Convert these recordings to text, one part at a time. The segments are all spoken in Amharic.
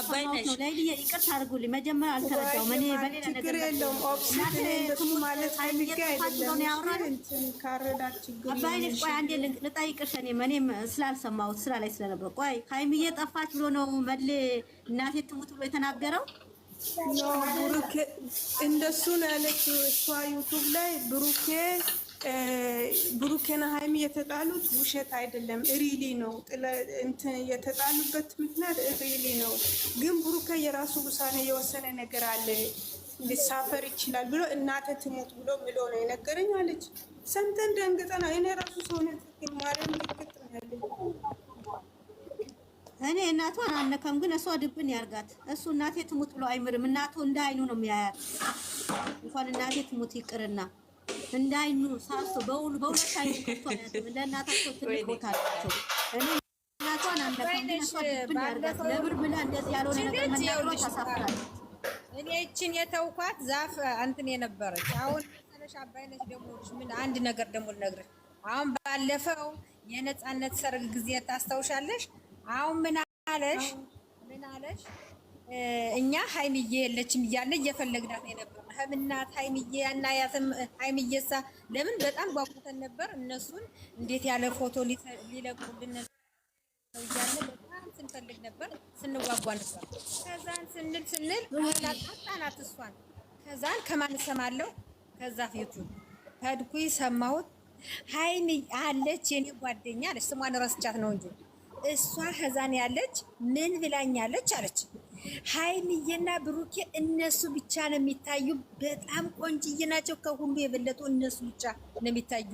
አባይነሽላይ ይቅርታ አድርጉልኝ። መጀመሪያ አልተረዳሁም። በሌላ ነገር የለውም ማለት አባይነሽ፣ ቆይ አንዴ ላይ ስለነበር፣ ቆይ ጠፋች ብሎ ነው መሌ እናቴ ትሙት ብሎ የተናገረው? እንደሱ ነው ያለችው እሷ ዩቱብ ላይ ብሩኬ ብሩኬና ሀይሚ የተጣሉት ውሸት አይደለም፣ ሪሊ ነው። እንትን የተጣሉበት ምክንያት ሪሊ ነው። ግን ብሩኬ የራሱ ውሳኔ የወሰነ ነገር አለ ሊሳፈር ይችላል ብሎ እናተ ትሞት ብሎ ብሎ ነው የነገረኝ አለች። ሰምተን ደንግጠና እኔ ራሱ ሰሆነ ማርያም ልክት ያለ እኔ እናቷን አነከም፣ ግን እሷ ድብን ያርጋት። እሱ እናቴ ትሙት ብሎ አይምርም። እናቱ እንደ አይኑ ነው የሚያያት። እንኳን እናቴ ትሙት ይቅርና እንዳይኑ ሳሱ በውሉ በሁለት አይኑ ከፍቶ ለእናታቸው ትልቅ ቦታ አላቸው። እኔ እናቷን ለብር ብላ እንደዚህ ያልሆነ ነገር እኔ የተውኳት ዛፍ እንትን የነበረች አሁን መሰለሽ ደግሞ ምን አንድ ነገር ደግሞ ልነግርሽ። አሁን ባለፈው የነፃነት ሰርግ ጊዜ ታስታውሻለሽ? አሁን ምን አለሽ? ምን አለሽ? እኛ ሀይምዬ የለችም እያለ እየፈለግናት የነበር ህምናት ሀይምዬ ያና ያዘም ሀይምዬሳ ለምን በጣም ጓጉተን ነበር። እነሱን እንዴት ያለ ፎቶ ሊለቁልን እያለ በጣም ስንፈልግ ነበር፣ ስንጓጓ ነበር። ከዛን ስንል ስንል አጣናት እሷን። ከዛን ከማን ሰማለው? ከዛ ፊቱ ከድኩ ሰማሁት። ሀይም አለች የኔ ጓደኛ አለች፣ ስሟን ረስቻት ነው እንጂ እሷ ከዛን ያለች ምን ብላኛለች አለች ሀይሚዬና ብሩኬ እነሱ ብቻ ነው የሚታዩ። በጣም ቆንጅዬ ናቸው። ከሁሉ የበለጡ እነሱ ብቻ ነው የሚታዩ።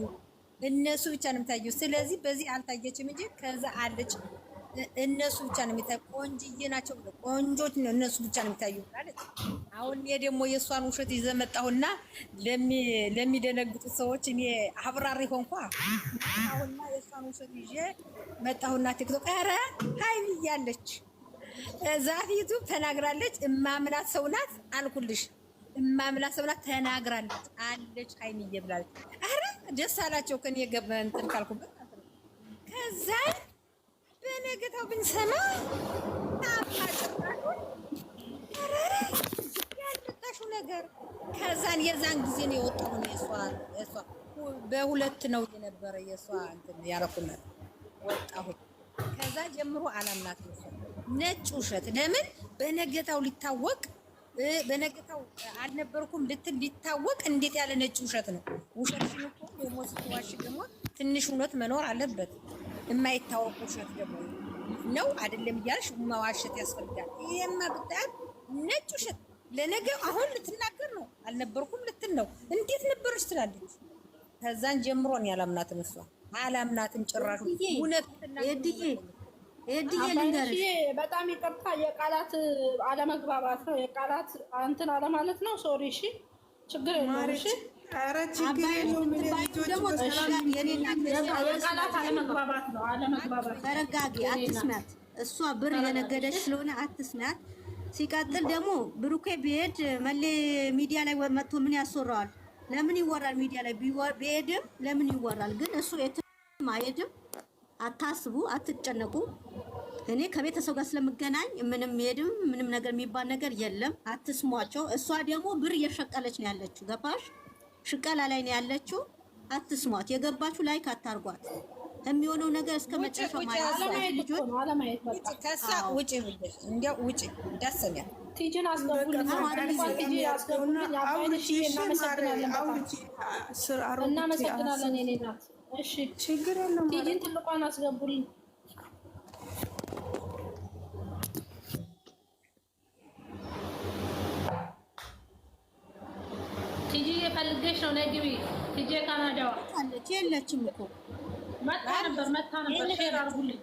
እነሱ ብቻ ነው የሚታዩ። ስለዚህ በዚህ አልታየችም እንጂ ከዛ አለች። እነሱ ብቻ ነው የሚታዩ። ቆንጅዬ ናቸው፣ ቆንጆች ነው። እነሱ ብቻ ነው የሚታዩ ማለት አሁን እኔ ደግሞ የእሷን ውሸት ይዘ መጣሁና ለሚደነግጡ ሰዎች እኔ አብራሪ ሆንኳ። አሁንማ የእሷን ውሸት ይዤ መጣሁና ቲክቶክ ኧረ ሀይሚ እያለች ዛፊቱ ተናግራለች። እማምናት ሰው ናት አልኩልሽ። እማምናት ሰው ናት ተናግራለች አለች ሀይሚዬ ብላለች። አረ ደስ አላቸው ከኔ ገብ እንትን ካልኩበት ከዛ በነገታው ብንሰማ ያልመጣሽው ነገር ከዛን የዛን ጊዜ ነው የወጣሁን የእሷ በሁለት ነው የነበረ የእሷ እንትን ያደረኩት ወጣሁ። ከዛ ጀምሮ አላምናት ነው ነጭ ውሸት። ለምን በነገታው ሊታወቅ በነገታው አልነበርኩም ልትል ሊታወቅ፣ እንዴት ያለ ነጭ ውሸት ነው? ውሸት እኮ ደግሞ ስትዋሽ ደግሞ ትንሽ እውነት መኖር አለበት። የማይታወቅ ውሸት ደግሞ ነው አይደለም እያልሽ መዋሸት ያስፈልጋል። ይሄማ ብታያት ነጭ ውሸት። ለነገ አሁን ልትናገር ነው፣ አልነበርኩም ልትል ነው። እንዴት ነበረች ትላለች። ከዛን ጀምሮን ያላምናትን እሷ አላምናትን ጭራሽ እውነት በጣም ይቅርታ የቃላት አለመግባባት ነው። የቃላት እንትን አለማለት ነው። ሶሪ እሺ፣ ችግር የለውም። እሺ፣ ኧረ ችግር የለውም። የቃላት አለመግባባት ነው። አለመግባባት ተረጋጊ፣ አትስሚያት። እሷ ብር የነገደች ስለሆነ አትስሚያት። ሲቀጥል ደግሞ ብሩኬ ቢሄድ መሌ ሚዲያ ላይ መጥቶ ምን ያስወራዋል? ለምን ይወራል? ሚዲያ ላይ ቢሄድም ለምን ይወራል? ግን እሱ የትም አይሄድም። አታስቡ፣ አትጨነቁ። እኔ ከቤተሰብ ጋር ስለምገናኝ ምንም ሄድም ምንም ነገር የሚባል ነገር የለም። አትስሟቸው። እሷ ደግሞ ብር እየሸቀለች ነው ያለችው። ገባሽ? ሽቀላ ላይ ነው ያለችው። አትስሟት። የገባችሁ ላይክ አታርጓት። የሚሆነው ነገር እስከ መጨረሻ እሺ ችግር የለም። ቲጂን ትልቋን አስገቡልኝ። ቲጂ የፈልገሽ ነው። ነይ ግቢ። ቲጂ ካናዳዋ የለችም እኮ መታ ነበር መታ ነበር። ሼር አድርጉልኝ።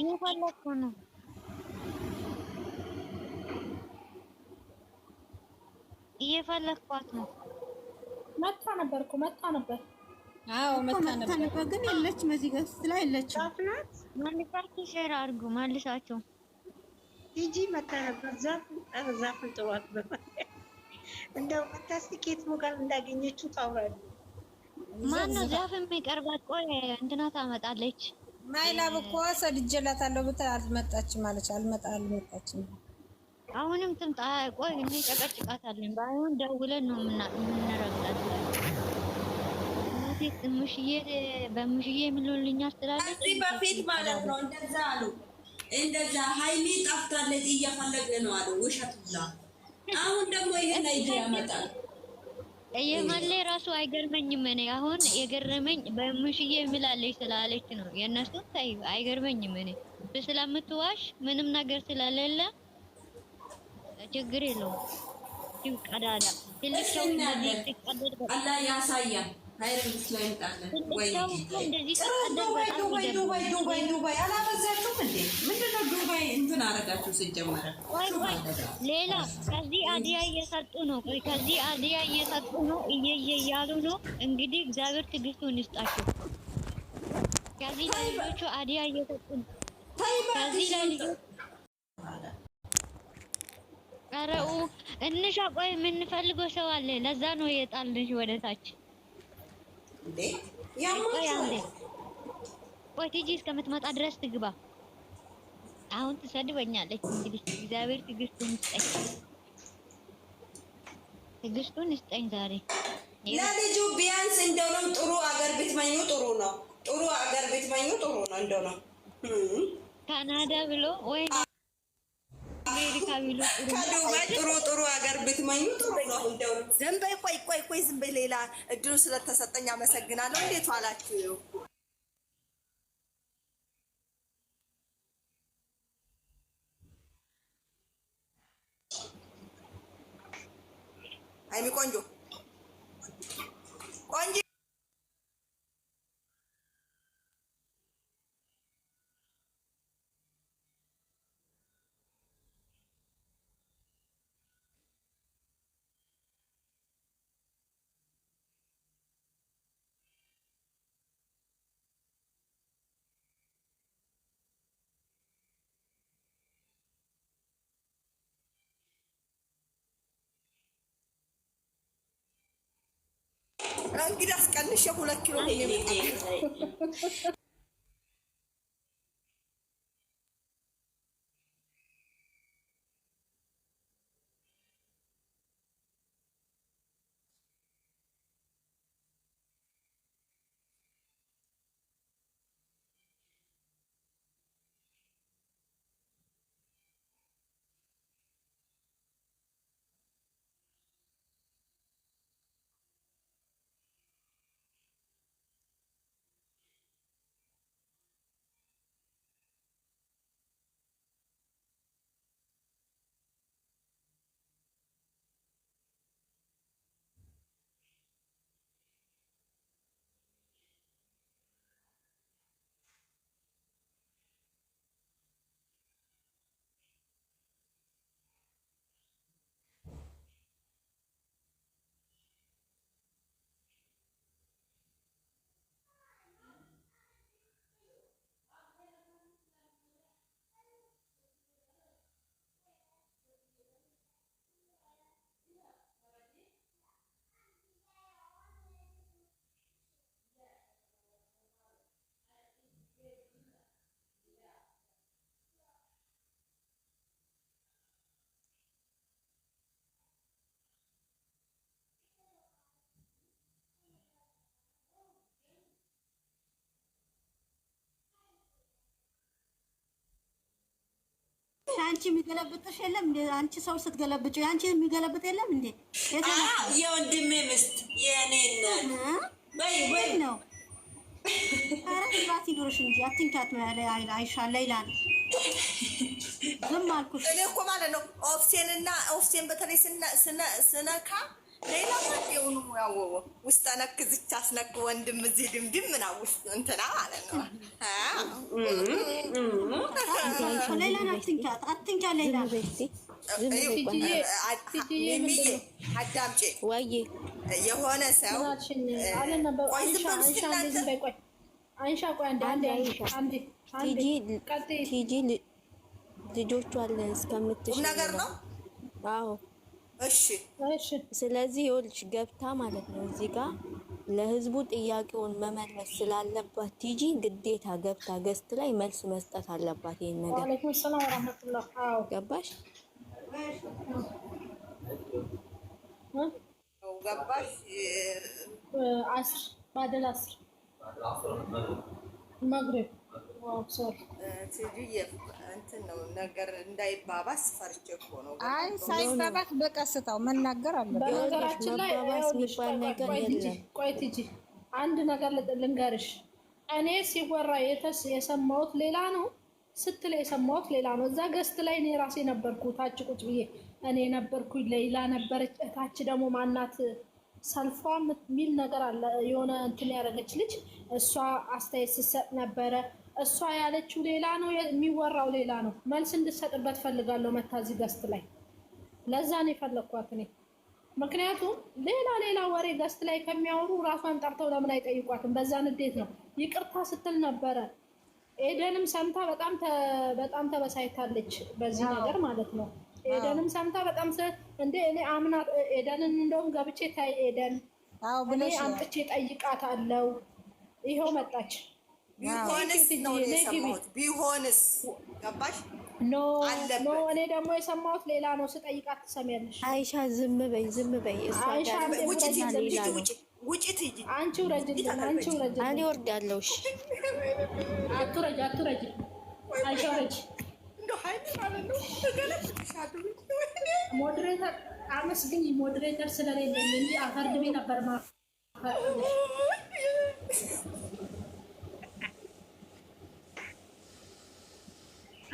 እየፈለኩ ነው። እየፈለኳት ነው። መታ ነበር እኮ መታ ነበር መታነባ ግን የለችም። እዚህ ጋር ስትላ የለችም። መልሳችሁ ሼር አድርጉ። መልሳችሁ ሂጂ መታነባ ዛፍ ዛፍ ጥሯት እንደው መታ ስኬት ሞጋል እንዳገኘችው ታውራለች። ማነው ዛፍ የሚቀርባት? ቆይ እንትና ታመጣለች። ማይላብ እኮ ሰድጄላታለሁ ብታይ አልመጣችም አለች። አልመጣ አልመጣችም። አሁንም ትምጣ። ቆይ እኔ ባይሆን ደውለን ነው የምናረገው ሴት ሙሽዬ በሙሽዬ ምሎልኛል ስላለች እዚህ በፊት ማለት ነው። እንደዛ አሉ። እንደዛ ሀይሚ ጠፍታለች እየፈለግን ነው አሉ። ውሸት ብላ አሁን ደግሞ ይሄን አይዲ ያመጣል። የማለ ራሱ አይገርመኝም። እኔ አሁን የገረመኝ በሙሽዬ ምላለች ስላለች ነው የእነሱ ታይ አይገርመኝም። እኔ ስለምትዋሽ ምንም ነገር ስለሌለ ችግር የለውም። ቀዳዳ ትልቅ ሰው እንደዚህ ቀዳዳ አላ ያሳያል። አላበዛችሁም እንዴ? ሌላ ከዚህ አዲያ እየሰጡ ነው። ከዚህ አዲያ እየሰጡ ነው፣ እየየ እያሉ ነው። እንግዲህ እግዚአብሔር ትዕግስቱን ይስጣችሁ። ከዚህ ላይ አዲያ እየሰጡ ነው። ኧረ እንሻ ቆይ የምንፈልገው ሰው አለ። ለዛ ነው የጣልንሽ ወደታች። ቆይ ቲጂ እስከምትመጣ ድረስ ትግባ። አሁን ትሰድበኛለች። እንግዲህ እግዚአብሔር ትዕግስቱን ይስጠኝ፣ ትዕግስቱን ይስጠኝ። ዛሬ ለልጁ ቢያንስ እንደውም ጥሩ አገር ብትመኙ ጥሩ ነው። ጥሩ አገር ብትመኙ ጥሩ ነው። እንደው ካናዳ ብሎ ወይ ጥሩ ጥሩ ሀገር ብትመኙ ጥሩ ነው። ዝም በይ፣ ቆይ ቆይ ቆይ፣ ዝም በይ። ሌላ እድሉ ስለተሰጠኝ አመሰግናለሁ። እንዴት ዋላችሁ? አይሚ ቆንጆ እንግዲህ አስቀንሼ ሁለት ኪሎ ነው የሚመጣ አንቺ የሚገለብጥሽ የለም እንዴ? አንቺ ሰው ስትገለብጭ አንቺ የሚገለብጥ የለም እንዴ? የወንድሜ ምስት የኔ ነው። ኧረ ግባት ይኑርሽ እንጂ አትንኪያት። አይሻ ሌላ ነው። ዝም አልኩሽ እኔ እኮ ማለት ነው ኦፍሴንና ኦፍሴን በተለይ ስነካ ሌላ የሆኑ ያው ውስጥ አነክዝች አስነክ ወንድም እዚህ ድምድም ምና ውስጥ እንትና ማለት ነው። ሌላን አትንኪያት፣ አትንኪያ ሌላ አዳምጪ። የሆነ ሰው አንሻ ቆይ አንዴ ልጆቿን እስከምትሽ ነገር ነው። አዎ ስለዚህ ይኸውልሽ ገብታ ማለት ነው እዚህ ጋር ለህዝቡ ጥያቄውን መመለስ ስላለባት ቲጂ ግዴታ ገብታ ገስት ላይ መልስ መስጠት አለባት። ይህን ነገር ገባሽ ገባሽ? እንትን ነው ነገር እንዳይባባስ ፈርቼ እኮ ነው። አይ ሳይባባስ በቀስታው መናገር አለበት። በነገራችን ላይ ቆይ ትጂ አንድ ነገር ልንገርሽ። እኔ ሲወራ የሰማሁት ሌላ ነው፣ ስትል የሰማሁት ሌላ ነው። እዛ ገስት ላይ እኔ ራሴ ነበርኩ ታች ቁጭ ብዬ እኔ ነበርኩኝ። ሌላ ነበረች እታች ደግሞ ማናት ሰልፏ የሚል ነገር አለ። የሆነ እንትን ያደረገች ልጅ እሷ አስተያየት ስትሰጥ ነበረ እሷ ያለችው ሌላ ነው፣ የሚወራው ሌላ ነው። መልስ እንድሰጥበት ፈልጋለሁ። መታዚ ገስት ላይ ለዛ ነው የፈለግኳት እኔ። ምክንያቱም ሌላ ሌላ ወሬ ገስት ላይ ከሚያወሩ ራሷን ጠርተው ለምን አይጠይቋትም? በዛ ንዴት ነው ይቅርታ ስትል ነበረ። ኤደንም ሰምታ በጣም በጣም ተበሳይታለች በዚህ ነገር ማለት ነው። ኤደንም ሰምታ በጣም እንደ እኔ አምና ኤደንን እንደውም ገብቼ ታይ ኤደን እኔ አምጥቼ ጠይቃት አለው። ይኸው መጣች ቢሆንስ ነው የሰማሁት። ቢሆንስ ገባሽ? ኖ ኖ፣ እኔ ደግሞ የሰማሁት ሌላ ነው። ስጠይቃት ትሰሚያለሽ። አይሻ ዝም በይ፣ ዝም በይ። አይሻ አንቺ ውረጅልን፣ አንቺ ውረጅልን። እኔ ወርዳለሁ። እሺ፣ አትውረጅ፣ አትውረጅ። አይሻ ውረጅ። ሞዴሬተር አመስግኝ። ሞዴሬተር ስለሌለኝ እንጂ አፈርድሜ ነበር ማ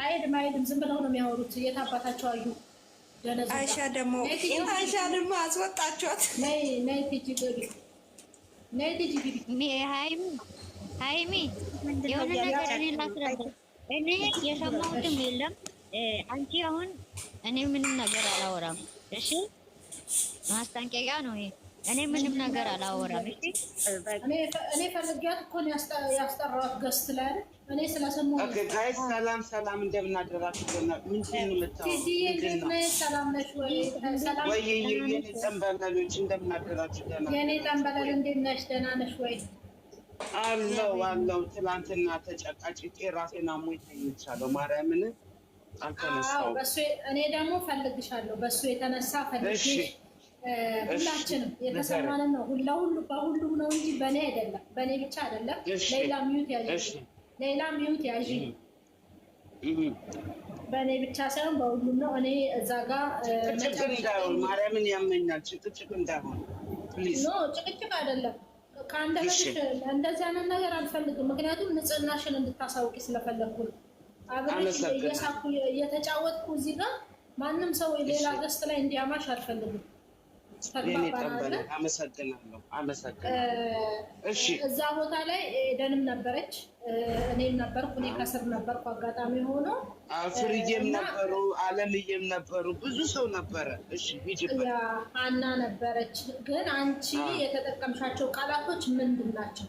አይሄድም አይሄድም። ዝም ብለው ነው የሚያወሩት። የት አባታቸው አዩ። አይሻ ደግሞ አይሻ ደግሞ አስወጣችኋት። ነይ ትጂ ግቢ፣ ነይ ትጂ ግቢ። ሀይሚ ሀይሚ የሆነ ነገር እኔ ላስረዳ። እኔ የሰማሁትም የለም። አንቺ አሁን እኔ ምንም ነገር አላወራም። እሺ ማስጠንቀቂያ ነው ይሄ። እኔ ምንም ነገር አላወራም። እሺ እኔ ፈልጊያት እኮ ያስጠራዋት ገስት ላይ አይደል ጋይስ ሰላም ሰላም፣ እንደምናደራችሁ ጠንበለሎች፣ እንደምናደራችሁ አለው አለው። ትናንትና ተጨቃጭቄ ራሴን አሞኝ ተኝቻለሁ። ማርያምን እኔ ደግሞ ፈልግሻለሁ። በእሱ የተነሳ ፈልግሽ። ሁላችንም የተሰማንን ነው። ለሁሉ በሁሉም ነው እንጂ በእኔ አይደለም፣ በእኔ ብቻ አይደለም። ሌላ ሚዩት ያለ ሌላ ሚዩት ያዥ በእኔ ብቻ ሳይሆን በሁሉም ነው። እኔ እዛ ጋ ማርያምን ያመኛል። ጭቅጭቅ እንዳይሆን ጭቅጭቅ አይደለም። ከአንድ እንደዚህ አይነት ነገር አልፈልግም። ምክንያቱም ንጽህናሽን እንድታሳውቂ ስለፈለግኩ አብረሽ እየሳኩ እየተጫወትኩ እዚህ ጋር ማንም ሰው ሌላ ገስት ላይ እንዲያማሽ አልፈልግም። የኔ አመሰግናለሁ፣ አመሰግናለሁ። እሺ እዛ ቦታ ላይ ኤደንም ነበረች፣ እኔም ነበርኩ፣ እኔ ከስር ነበርኩ። አጋጣሚ ሆኖ ፍርዬም ነበሩ፣ አለምዬም ነበሩ፣ ብዙ ሰው ነበረ። እሺ አና ነበረች። ግን አንቺ የተጠቀምሻቸው ቃላቶች ምንድን ናቸው?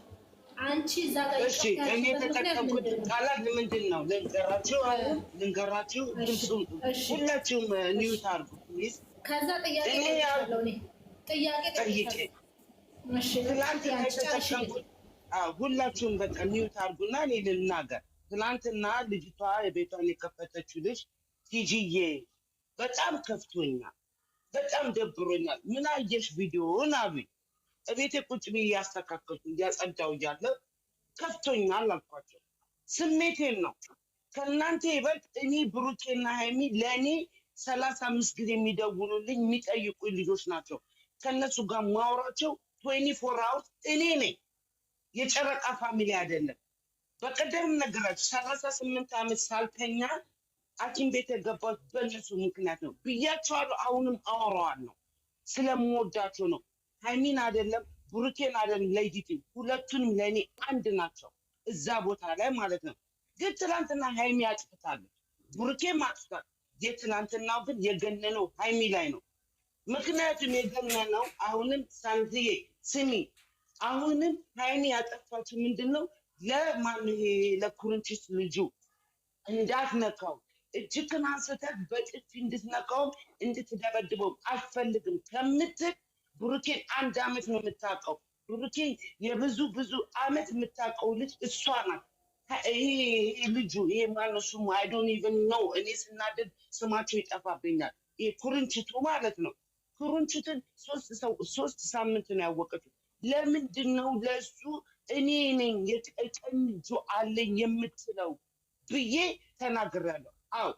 አንቺ እዛ ጋር እሺ፣ እኔ የተጠቀምኩት ቃላት ምንድን ነው ልንገራችሁ፣ ልንገራችሁ። ድምፁ ሁላችሁም ኒውት አድርጉ ፕሊዝ ከዛ ጥያቄ ጠይቄ ሁላችሁም በቃ ሚውት አድርጉና እኔ ልናገር። ትላንትና ልጅቷ የቤቷን የከፈተችው ልጅ ቲጂዬ በጣም ከፍቶኛል፣ በጣም ደብሮኛል። ምን አየሽ ቪዲዮውን አሉኝ። እቤቴ ቁጭ ብዬ እያስተካከልኩ እያጸዳሁ እያለ ከፍቶኛል አልኳቸው። ስሜቴን ነው ከእናንተ ይበልጥ እኔ ብሩኬና ሀይሚ ለእኔ ሰላሳ አምስት ጊዜ የሚደውሉልኝ የሚጠይቁኝ ልጆች ናቸው። ከነሱ ጋር ማውራቸው ትዌንቲ ፎር አውርስ እኔ ነኝ። የጨረቃ ፋሚሊ አይደለም። በቀደም ነገራቸው ሰላሳ ስምንት ዓመት ሳልተኛ ሐኪም ቤት የገባሁት በእነሱ ምክንያት ነው ብያቸዋለሁ። አሁንም ነው ስለምወዳቸው ነው። ሃይሚን አይደለም ብሩኬን አይደለም ለይዲቲ፣ ሁለቱንም ለእኔ አንድ ናቸው። እዛ ቦታ ላይ ማለት ነው። ግን ትላንትና ሃይሚ አጥፍታለች፣ ብሩኬም አጥፍታለች። የትናንትናው ግን የገነነው ሀይሚ ላይ ነው። ምክንያቱም የገነነው አሁንም ሳንትዬ ስሚ፣ አሁንም ሀይሚ ያጠፋችው ምንድን ነው? ለማን ለኩርንችት ልጁ እንዳትነካው እጅግን አንስተህ በጥፊ እንድትነቀውም እንድትደበድበውም አልፈልግም ከምትል ብሩኬን አንድ አመት ነው የምታውቀው። ብሩኬን የብዙ ብዙ አመት የምታውቀው ልጅ እሷ ናት። ይሄ ልጁ ይሄ ነው። እኔ ስማቸው ይጠፋብኛል። ኩርንችቱ ማለት ነው። ኩርንችትን ሶስት ሳምንት ነው ያወቀችው። ለምንድን ነው ለእሱ እኔ የምትለው ብዬ ተናግሬያለሁ። አዎ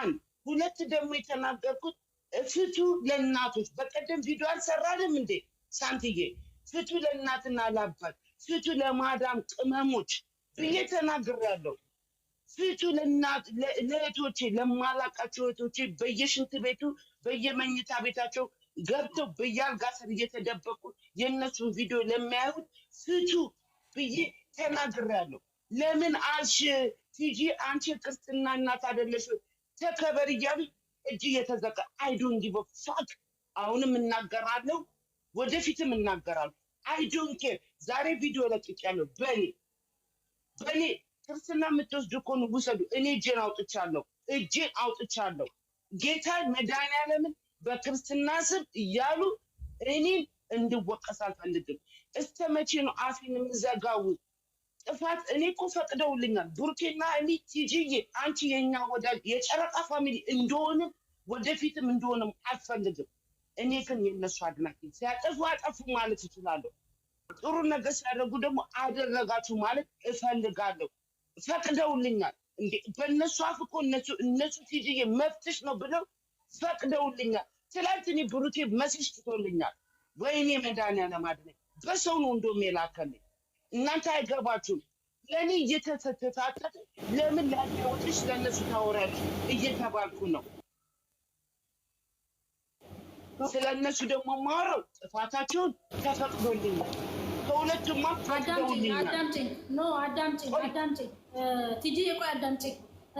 አንድ ሁለት ደግሞ የተናገርኩት ፍቱ ለእናቶች በቀደም ቪዲዮ እንዴ ሳንትዬ? ፍቱ ለእናትና ለአባት፣ ፍቱ ለማዳም ቅመሞች ይሄ ተናግሬያለሁ። ፍቱ። ለእህቶቼ፣ ለማላቃቸው እህቶቼ በየሽንት ቤቱ በየመኝታ ቤታቸው ገብተው በየአልጋ ስር እየተደበቁ የእነሱን ቪዲዮ ለሚያዩት ፍቱ ብዬ ተናግሬያለሁ። ለምን አልሽ ቲጂ አንቺ የክርስትና እናት አይደለሽ ተከበር እያሉ እጅ እየተዘቀ አይዶን ጊቭ ፋክ። አሁንም እናገራለሁ፣ ወደፊትም እናገራለሁ። አይዶን ኬር ዛሬ ቪዲዮ ለቅቄያለሁ በእኔ በእኔ ክርስትና የምትወስዱ እኮ እኔ እጄን አውጥቻለሁ፣ እጄን አውጥቻለሁ። ጌታ መድኃኒዓለምን በክርስትና ስም እያሉ እኔም እንድወቀስ አልፈልግም። እስከ መቼ ነው አፌን የምዘጋው? ጥፋት እኔ እኮ ፈቅደውልኛል። ቡርኬና እኔ ቲጂዬ፣ አንቺ የኛ ወዳጅ የጨረቃ ፋሚሊ እንደሆንም ወደፊትም እንደሆንም አልፈልግም። እኔ ግን የነሱ አድናቂ ሲያጠፉ አጠፉ ማለት እችላለሁ። ጥሩ ነገር ሲያደርጉ ደግሞ አደረጋችሁ ማለት እፈልጋለሁ። ፈቅደውልኛል። እንዴ በእነሱ አፍ እኮ እነሱ እነሱ ቲጂዬ ነው ብለው ፈቅደውልኛል። ትላንት እኔ ብሩቴ መሴጅ ትቶልኛል። ወይኔ መድኃኒዓለም አድነኝ። በሰው ነው እንደውም የላከልኝ። እናንተ አይገባችሁም። ለእኔ እየተተታተት ለምን ላወጥሽ ለእነሱ ታወራል እየተባልኩ ነው። ስለ እነሱ ደግሞ ማወራው ጥፋታቸውን ተፈቅዶልኛል። ከሁለቱም አዳምጪኝ፣ ኖ አዳምጪኝ፣ አዳምጪኝ ቲጂ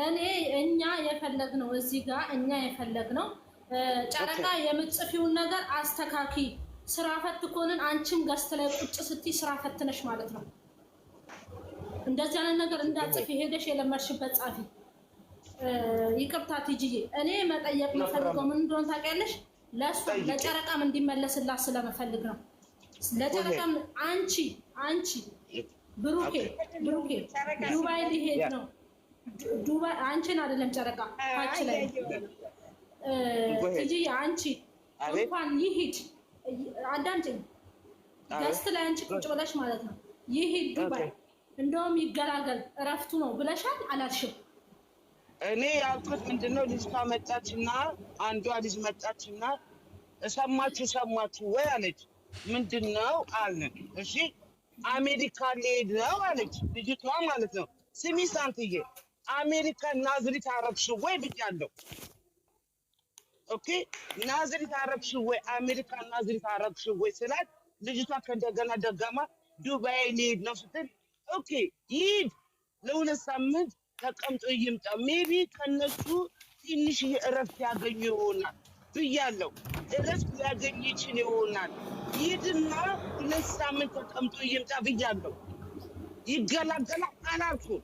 እኔ እኛ የፈለግነው እዚህ ጋር እኛ የፈለግነው ጨረቃ የምጽፊውን ነገር አስተካኪ። ስራ ፈት ኮንን አንቺም ገስት ላይ ቁጭ ስትይ ስራ ፈትነሽ ማለት ነው። እንደዚህ አይነት ነገር እንዳጽፊ ሄደሽ የለመድሽበት ጻፊ። ይቅርታ ቲጂዬ፣ እኔ መጠየቅ የምፈልገው ምን እንደሆነ ታውቂያለሽ? ለእሱ ለጨረቃም እንዲመለስላት ስለመፈልግ ነው። ለጨረቃም አንቺ አንቺ ብሩኬ ብሩኬ ዱባይ ሊሄድ ነው። ዱባይ አንቺን አይደለም ጨረቃ ታች ላይ እጂ አንቺ እንኳን አዳምጪኝ። ገስት ላይ አንቺ ቁጭ ብለሽ ማለት ነው ዱባይ እንደውም ይገላገል እረፍቱ ነው ብለሻል አላልሽም? እኔ ያልኩት ምንድነው ልጅ አንዷ ልጅ እሰማችሁ ሰማችሁ ወይ አለች ምንድን ነው አለ። እሺ አሜሪካ ሊሄድ ነው አለች ልጅቷ ማለት ነው። ስሚ ሳንትዬ አሜሪካ ናዝሪት አረብሽ ወይ ብያለሁ። ኦኬ ናዝሪት አረብሽ ወይ አሜሪካ ናዝሪት አረብሽ ወይ ስላት ልጅቷ ከእንደገና ደጋማ ዱባይ ሊሄድ ነው ስትል፣ ኦኬ ይሂድ፣ ለሁለት ሳምንት ተቀምጦ ይምጣ። ሜቢ ከነሱ ትንሽ የእረፍት ያገኙ ይሆናል ብያለሁ። እረፍት ሊያገኝ ይችል ይሆናል። ይድና ሁለት ሳምንት ተቀምጦ ይምጣ ብያለሁ። ይገላገላል አላልኩም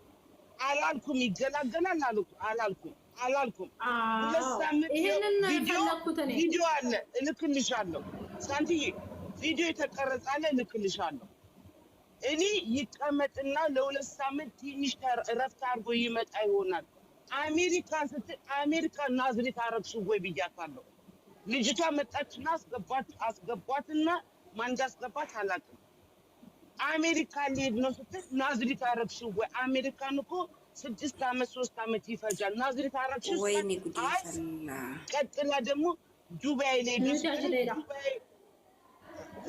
አላልኩም ይገላገላል አላልኩም አላልኩም። ሁለት ሳምንት ቪዲዮ አለ እልክልሻለሁ። ሳንቲዬ ቪዲዮ የተቀረጸ አለ እልክልሻለሁ። እኔ ይቀመጥና ለሁለት ሳምንት ትንሽ እረፍት አድርጎ ይመጣ ይሆናል። አሜሪካ ስትል አሜሪካ ናዝሬት አረግሽው ወይ ብያታለሁ። ልጅቷ መጣችና አስገባት አስገባትና ማን እንዳስገባት አላውቅም። አሜሪካ ሊሄድ ነው ስትል ናዝሪት አረግሽው ወይ? አሜሪካን እኮ ስድስት ዓመት ሶስት ዓመት ይፈጃል። ናዝሪት አረግሽው ወይ? ቀጥላ ደግሞ ዱባይ ላይ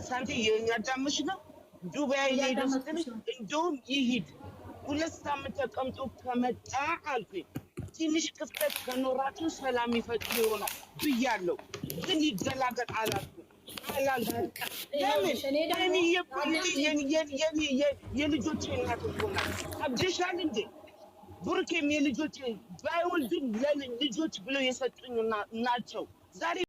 ሳንቲ የሚያዳምሽ ነው። ዱባይ ላይ ስትል እንደውም ይሂድ ሁለት ሳምንት ተቀምጦ ከመጣ አልኩኝ ትንሽ ክፍተት በኖራችሁ ሰላም ይፈጥሩ ይሆናል ብያለሁ። ግን ይደላገጥ አላልኩም የልጆች እናት አብደሻል እንዴ? ብሩኬም የልጆች ባይወልድም ለልጆች ብለው የሰጡኝ ናቸው ዛሬ